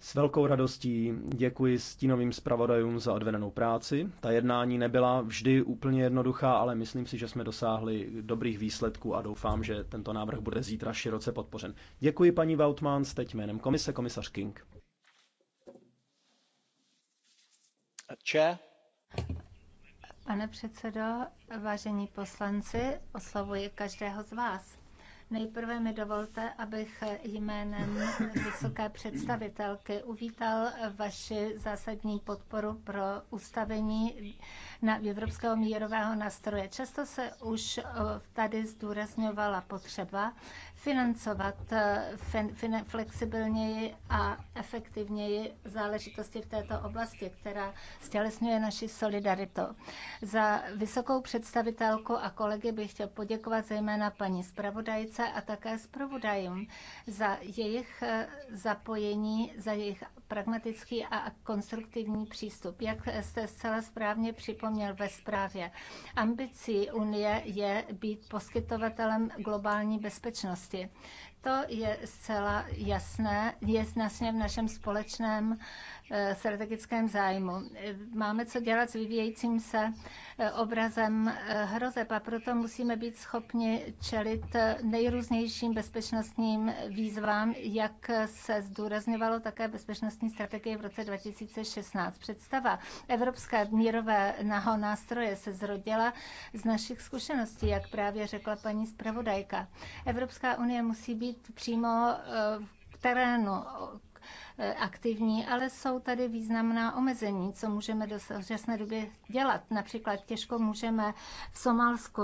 S velkou radostí děkuji stínovým zpravodajům za odvedenou práci. Ta jednání nebyla vždy úplně jednoduchá, ale myslím si, že jsme dosáhli dobrých výsledků a doufám, že tento návrh bude zítra široce podpořen. Děkuji paní Vautmans, teď jménem komise komisař King. Če. Pane předsedo, vážení poslanci, oslavuji každého z vás. Nejprve mi dovolte, abych jménem vysoké představitelky uvítal vaši zásadní podporu pro ustavení na Evropského mírového nástroje. Často se už eh, tady zdůrazňovala potřeba financovat eh, flexibilněji a efektivněji záležitosti v této oblasti, která stělesňuje naši solidaritu. Za vysokou představitelku a kolegy bych chtěl poděkovat zejména paní zpravodajce a také zpravodajům za jejich eh, zapojení, za jejich pragmatický a konstruktivní přístup. Jak jste zcela správně připomněli, zapomněl jako ve zprávě. Ambicí Unie je být poskytovatelem globální bezpečnosti. To je zcela jasné, je jasně v našem společném Eh, strategickém zájmu. Eh, máme co dělat s vyvíjejícím se eh, obrazem hrozeb a proto musíme být schopni čelit nejrůznějším bezpečnostním výzvám, jak se zdůrazňovalo také bezpečnostní strategie v roce 2016. Představa Evropské mírového nástroje se zrodila z našich zkušeností, jak právě řekla paní zpravodajka. Evropská unie musí být přímo v terénu E, aktivní, ale jsou tady významná omezení, co můžeme do současné doby dělat. Například těžko můžeme v Somálsku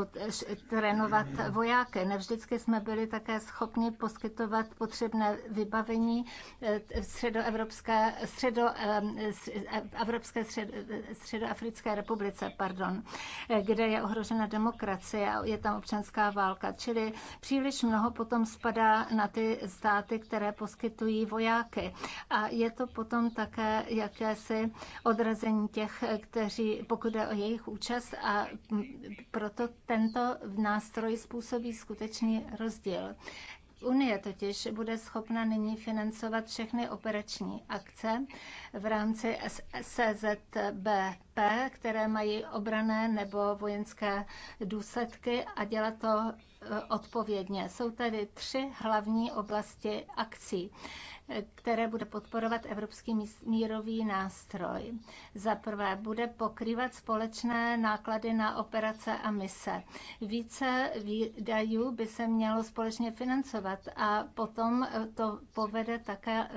trénovat vojáky. Nevždycky jsme byli také schopni poskytovat potřebné vybavení e, středoevropské, středo, e, Evropské středo, středoafrické republice, pardon, kde je ohrožena demokracie a je tam občanská válka. Čili příliš mnoho potom spadá na ty státy, které poskytují vojáky a je to potom také jakési odrazení těch, kteří, pokud je o jejich účast a proto tento nástroj způsobí skutečný rozdíl. Unie totiž bude schopna nyní financovat všechny operační akce v rámci SZBP, které mají obrané nebo vojenské důsledky a dělat to odpovědně. Jsou tady tři hlavní oblasti akcí, které bude podporovat Evropský mírový nástroj. Za prvé bude pokrývat společné náklady na operace a mise. Více výdajů by se mělo společně financovat a potom to povede také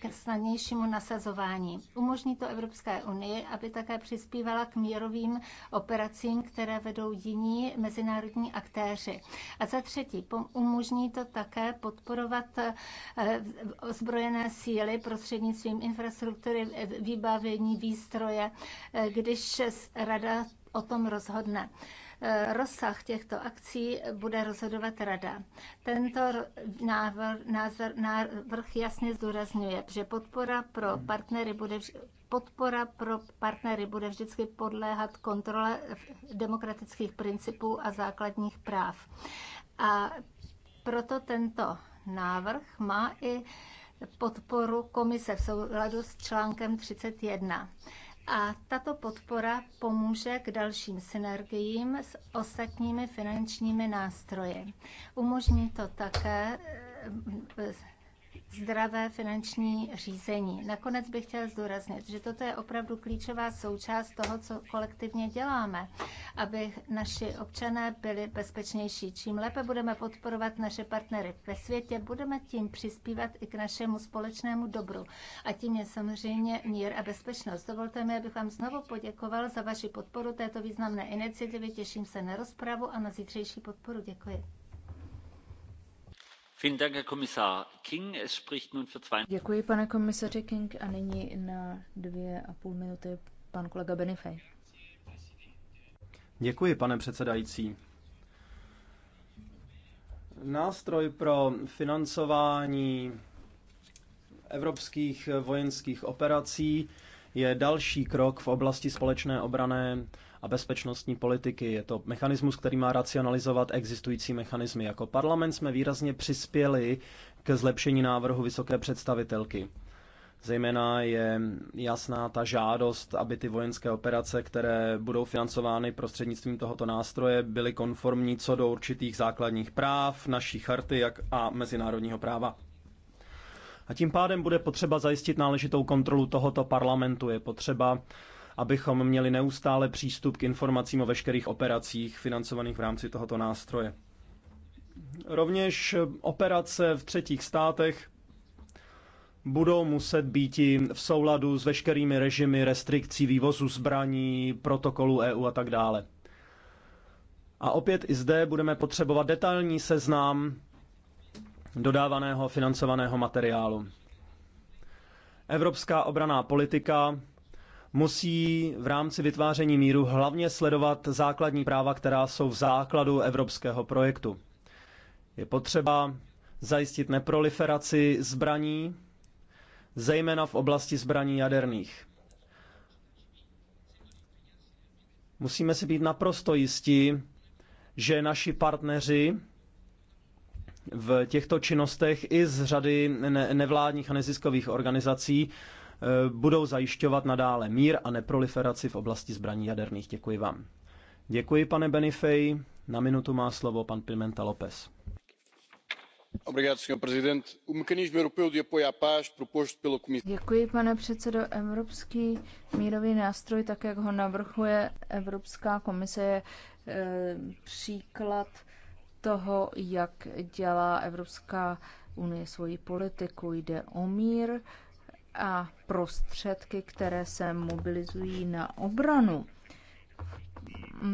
ke snadnějšímu nasazování. Umožní to Evropské unii, aby také přispívala k mírovým operacím, které vedou jiní mezinárodní aktéři. A za třetí, umožní to také podporovat eh, ozbrojené síly prostřednictvím infrastruktury, eh, výbavení, výstroje, eh, když rada o tom rozhodne. Eh, rozsah těchto akcí bude rozhodovat rada. Tento návrh, názor, návrh jasně zdůrazňuje, že podpora pro partnery bude vž- podpora pro partnery bude vždycky podléhat kontrole demokratických principů a základních práv. A proto tento návrh má i podporu komise v souladu s článkem 31 a tato podpora pomůže k dalším synergiím s ostatními finančními nástroji. Umožní to také eh, zdravé finanční řízení. Nakonec bych chtěl zdůraznit, že toto je opravdu klíčová součást toho, co kolektivně děláme, aby naši občané byli bezpečnější. Čím lépe budeme podporovat naše partnery ve světě, budeme tím přispívat i k našemu společnému dobru. A tím je samozřejmě mír a bezpečnost. Dovolte mi, abych vám znovu poděkoval za vaši podporu této významné iniciativy. Těším se na rozpravu a na zítřejší podporu. Děkuji. Děkuji, pane komisaři King. A nyní na dvě a půl minuty pan kolega benifei. Děkuji, pane předsedající. Nástroj pro financování evropských vojenských operací je další krok v oblasti společné obrané a bezpečnostní politiky. Je to mechanismus, který má racionalizovat existující mechanismy. Jako parlament jsme výrazně přispěli k zlepšení návrhu vysoké představitelky. Zejména je jasná ta žádost, aby ty vojenské operace, které budou financovány prostřednictvím tohoto nástroje, byly konformní co do určitých základních práv, naší charty jak a mezinárodního práva. A tím pádem bude potřeba zajistit náležitou kontrolu tohoto parlamentu. Je potřeba abychom měli neustále přístup k informacím o veškerých operacích financovaných v rámci tohoto nástroje. Rovněž operace v třetích státech budou muset být v souladu s veškerými režimy restrikcí vývozu zbraní, protokolů EU a tak dále. A opět i zde budeme potřebovat detailní seznam dodávaného financovaného materiálu. Evropská obraná politika musí v rámci vytváření míru hlavně sledovat základní práva, která jsou v základu evropského projektu. Je potřeba zajistit neproliferaci zbraní, zejména v oblasti zbraní jaderných. Musíme si být naprosto jistí, že naši partneři v těchto činnostech i z řady nevládních a neziskových organizací Eh, budou zajišťovat nadále mír a neproliferaci v oblasti zbraní jaderných. Děkuji vám. Děkuji, pane Benifej. Na minutu má slovo pan Pimenta López. Děkuji, pane předsedo. Evropský mírový nástroj, tak jak ho navrhuje Evropská komise, je eh, příklad toho, jak dělá Evropská unie svoji politiku. Jde o mír, a prostředky, které se mobilizují na obranu.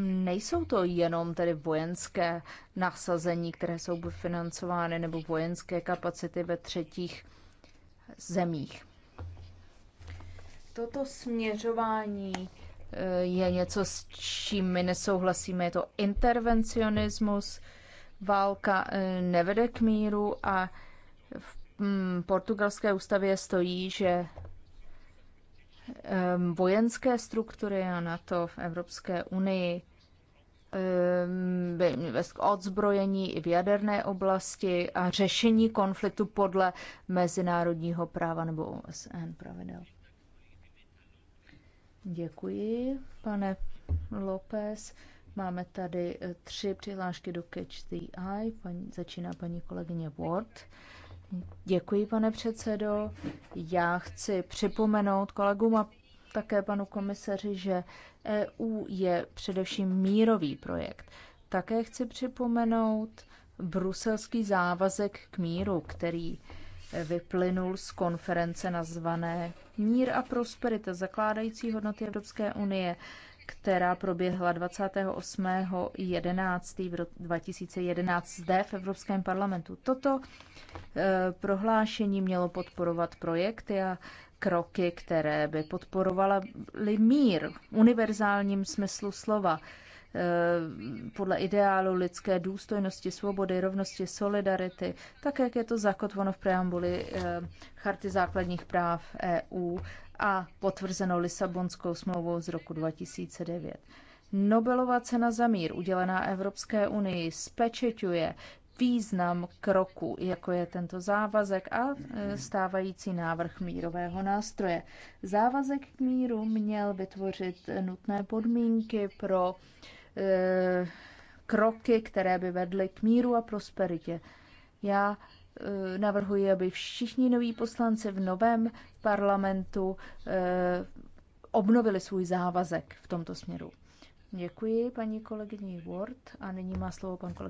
Nejsou to jenom tedy vojenské nasazení, které jsou buď financovány, nebo vojenské kapacity ve třetích zemích. Toto směřování eh, je něco, s čím my nesouhlasíme. Je to intervencionismus, válka eh, nevede k míru a Hmm, portugalské ústavě stojí, že ehm, vojenské struktury a NATO v Evropské unii ehm, k odzbrojení i v jaderné oblasti a řešení konfliktu podle mezinárodního práva nebo OSN pravidel. Děkuji, pane López. Máme tady eh, tři přihlášky do Catch the Eye. Paní, začíná paní kolegyně Ward. Děkuji, pane předsedo. Já chci připomenout kolegům a také panu komisaři, že EU je především mírový projekt. Také chci připomenout bruselský závazek k míru, který vyplynul z konference nazvané Mír a prosperita, zakládající hodnoty Evropské unie, která proběhla 28.11.2011 2011 zde v Evropském parlamentu. Toto eh, prohlášení mělo podporovat projekty a kroky, které by podporovaly mír v univerzálním smyslu slova eh, podle ideálu lidské důstojnosti, svobody, rovnosti, solidarity, tak jak je to zakotveno v preambuli eh, Charty základních práv EU a potvrzeno Lisabonskou smlouvou z roku 2009. Nobelova cena za mír udělená Evropské unii spečeťuje význam kroku, jako je tento závazek a e, stávající návrh mírového nástroje. Závazek k míru měl vytvořit nutné podmínky pro e, kroky, které by vedly k míru a prosperitě. Já Eh, navrhuji, aby všichni noví poslanci v novém parlamentu eh, obnovili svůj závazek v tomto směru. Děkuji paní kolegyni Ward a nyní má slovo pan kolega.